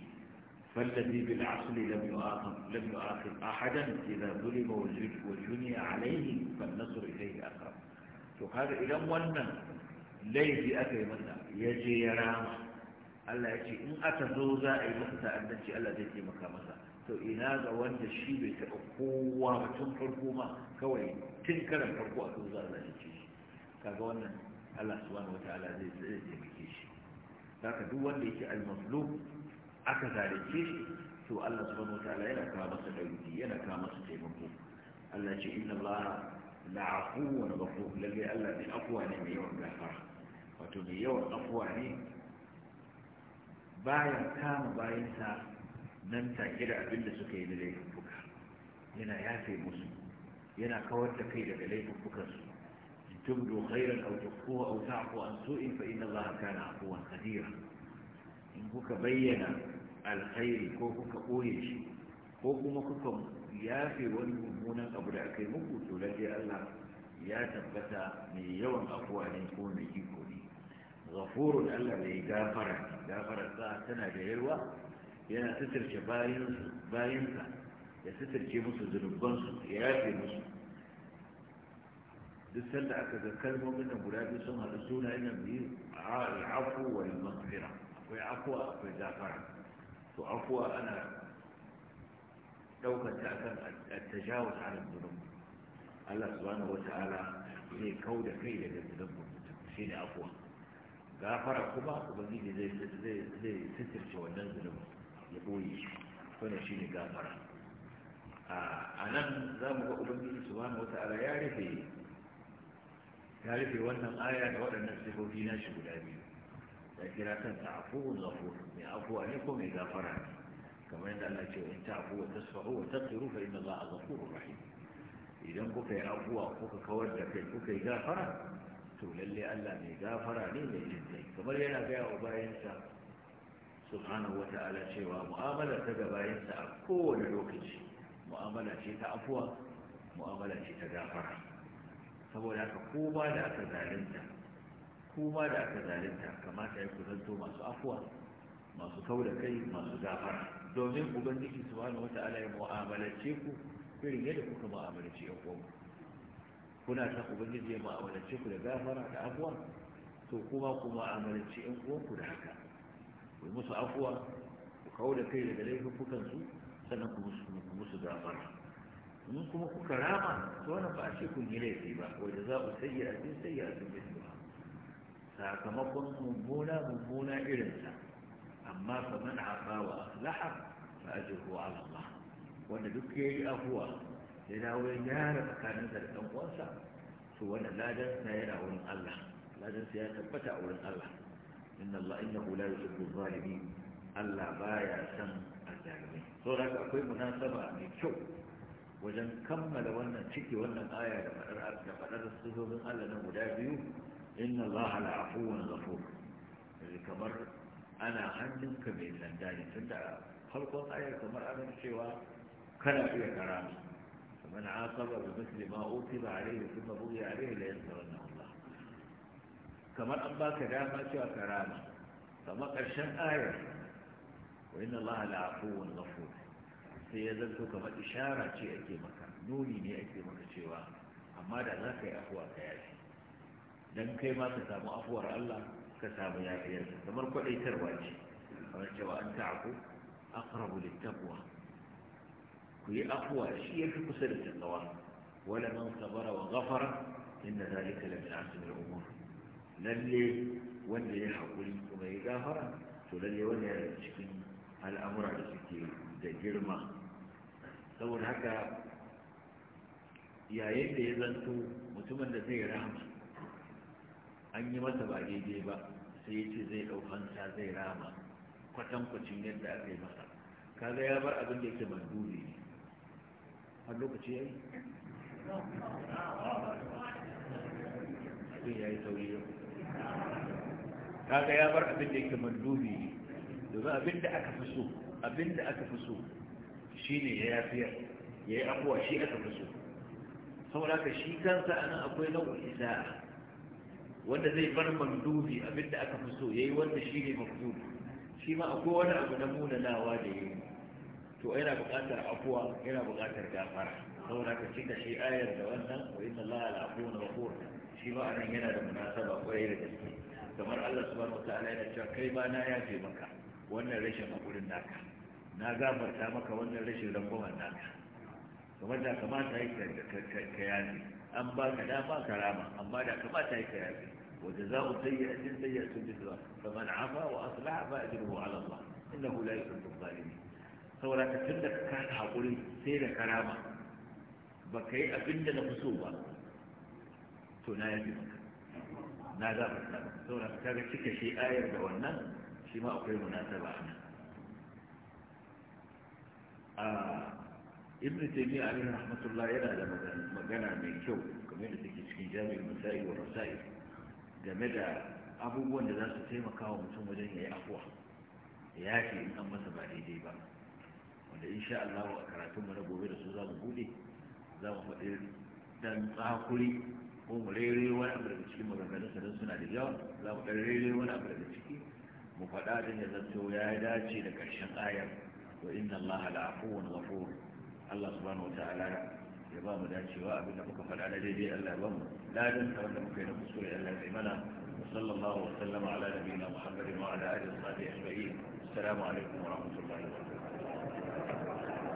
فالذي بالعصر لم يؤاخذ لم يؤاخذ أحدا إذا ظلم وجني عليه فالنصر إليه أقرب فهذا إلى ولنا laifi aka yi masa ya je ya rama Allah ya ce in aka zo za a yi masa ta'addanci Allah zai taimaka masa to ina ga wanda shi bai taɓa kowa tun farko ma kawai tun karan farko a za Allah ya ce kaga wannan Allah subhanahu wataala zai zai taimake shi haka duk wanda yake al-mazlum aka zalunce shi to Allah subhanahu wataala yana kawo masa dauki yana kawo masa taimako Allah ya ce inna Allah la'afuwun ghafur lalle Allah ne akwa ne mai yawan gafara wato mai yawan afuwa ne bayan kama bayansa nan take da abin da suka yi na laifuka yana yafe musu yana kawar da kai daga laifukansu tun dokairar autokko a wuta ko an so in fa za a kana abuwan kadira in kuka bayyana alkhairi ko kuka ɓoye shi ko kuma kuka yafe wani mummunan abu da aka yi muku to lallai allah ya tabbata mai yawan afuwa ne ko mai iko غفور الله لإجابرة إجابرة الله سنة جهلوة يا ستر كباينك يستر كمسو ذنبانس يعافي مسو دستان لأكد الكلمة من أبولاد يسمها لسونا إنا العفو والمغفرة أخوي عفو أخوي جعفرة فعفو أنا لو كنت أتم التجاوز على الظلم الله سبحانه وتعالى لكود كيلة للذنب سيني أفوه gafara kuma ubangiji zai zai sitirce wannan zunubin ya boye shi wannan shine gafara a nan za mu ga ubangiji su subhanahu wata'ala ya rufe ya rufe wannan aya da waɗannan sifofi na shi guda biyu ya kira kansa afuwun ghafur mai afuwa ne ko mai gafara ne kamar yadda Allah ce in ta'fu wa tasfahu wa taghfiru fa inna Allaha ghafurur rahim idan kuka yi afuwa kuka kawar da kai kuka yi gafara to lalle Allah mai gafara ne mai jinkai kamar yana gaya wa bayansa subhanahu wata'ala cewa mu'amala ta ga bayansa a kowane lokaci mu'amala ce ta afuwa mu'amala ce ta gafara saboda haka ko ba da aka zalunta ko ba da aka zalunta kamata ya kusanto masu afuwa masu kau da kai masu gafara domin ubangiji subhanahu wata'ala ya mu'amalace ku irin yadda kuka mu'amalace yan uwanku kuna san ubangiji ya mu'amalance ku da gafara da afuwa to kuma ku mu'amalance yan uwanku da haka ku musu afuwa ku kawo da kai daga laifin kukansu sannan ku musu gafara Mun kuma kuka rama to wannan ba a ce kun yi laifi ba wa jaza'u sayyi'atin sayyi'atin ba? sakamakon mummuna mummuna irinsa amma fa man afa wa Ba a ajruhu ala Allah wanda duk yayi afuwa ya dawo ya gyara tsakaninsa da ɗan'uwansa, uwansa to wannan ladan sa yana wurin Allah ladan sa ya tabbata a wurin Allah inna Allah innahu la yuhibbu zalimin Allah baya san azzalimi so da akwai munasaba mai kyau wajen kammala wannan ciki wannan aya da faɗar da faɗar sifofin Allah na guda biyu inna Allah la afuwan ghafur kamar ana hannunka mai sanda ne tunda farkon ayar kamar ana cewa kana iya karami فمن عاقب بمثل ما أوتب عليه ثم بغي عليه لا ينصرنه الله كما أنبا كلامة وكرامة فما قرشن آية وإن الله لعفو غفور سيذلك كما إشارة شيء أكي مكة، نوني ني أكي مكان شيء أما دا ذاك أفوا كياشي دم كيما تسام أفور الله كسام يا عيال كما القول أي ترواجي فمن أن تعفو أقرب للتقوى ku yi afuwa shi ya fi kusa da tattawa Wani man sabara wa ghafara inna zalika la min ahsani lalle wanda ya hakuri kuma ya gafara to lalle wanda ya cikin al'amura da suke da girma saboda haka yayin da ya zanto mutumin da zai rama an yi masa ba daidai ba sai ya ce zai ɗaukansa zai rama kwatankwacin yadda aka yi masa kaga ya bar abin da yake mandubi ne har lokaci ya yi sun ya yi sauri yau kaga ya bar abin da yake mandubi ne domin abin da aka fi so abin da aka fi so shine ya yafiya ya yi abuwa shi aka fi so saboda ka shi kansa anan akwai nau'in sa'a wanda zai bar mandubi abin da aka fi so ya yi wanda shi ne mafi shi ma akwai wani abu na nawa da ya yi to yana buƙatar afuwa yana buƙatar gafara saboda ka cika shi ayar da wannan wa inna allaha la afuwa na ghafur shi ma anan yana da munasaba kwarai da gaske kamar Allah subhanahu ta'ala yana cewa kai ba na yafe maka wannan rashin hakurin naka na gafarta maka wannan rashin rangwamar naka kamar da kamata yi ka yafe an ba ka dama ka rama amma da kamata yi ka yafe وجزاء سيئة سيئة مثلها فمن عفا وأصلح فأجره على الله إنه لا يحب الظالمين saboda ka tun da ka haƙuri sai da karama ba ka yi abin da na fi so ba to na yi maka na gafarta ba saboda ka ga cika shi ayar da wannan shi ma akwai munasaba a nan ibn taymiya alaihi rahmatullah yana da magana mai kyau game da take cikin jami'in masail wa rasail game da abubuwan da za su taimaka wa mutum wajen ya yi afuwa ya yafe in an masa ba daidai ba wanda insha Allah a karatun mu na gobe da su za mu bude za mu faɗi dan tsakuri ko mu rere wani abu daga cikin maganganun sa suna da yawa za mu dan rere wani abu daga ciki mu faɗa dan ya zanto ya dace da ƙarshen ayar wa inna Allah la'afuwun ghafur Allah subhanahu wa ta'ala ya ba mu dacewa abin da muka faɗa na daidai Allah ya ba mu ladan tare da muka yi na kuskure Allah ya mana wa sallallahu wa sallama ala nabiyina Muhammadin wa ala alihi wa sahbihi ajma'in assalamu alaikum wa rahmatullahi wa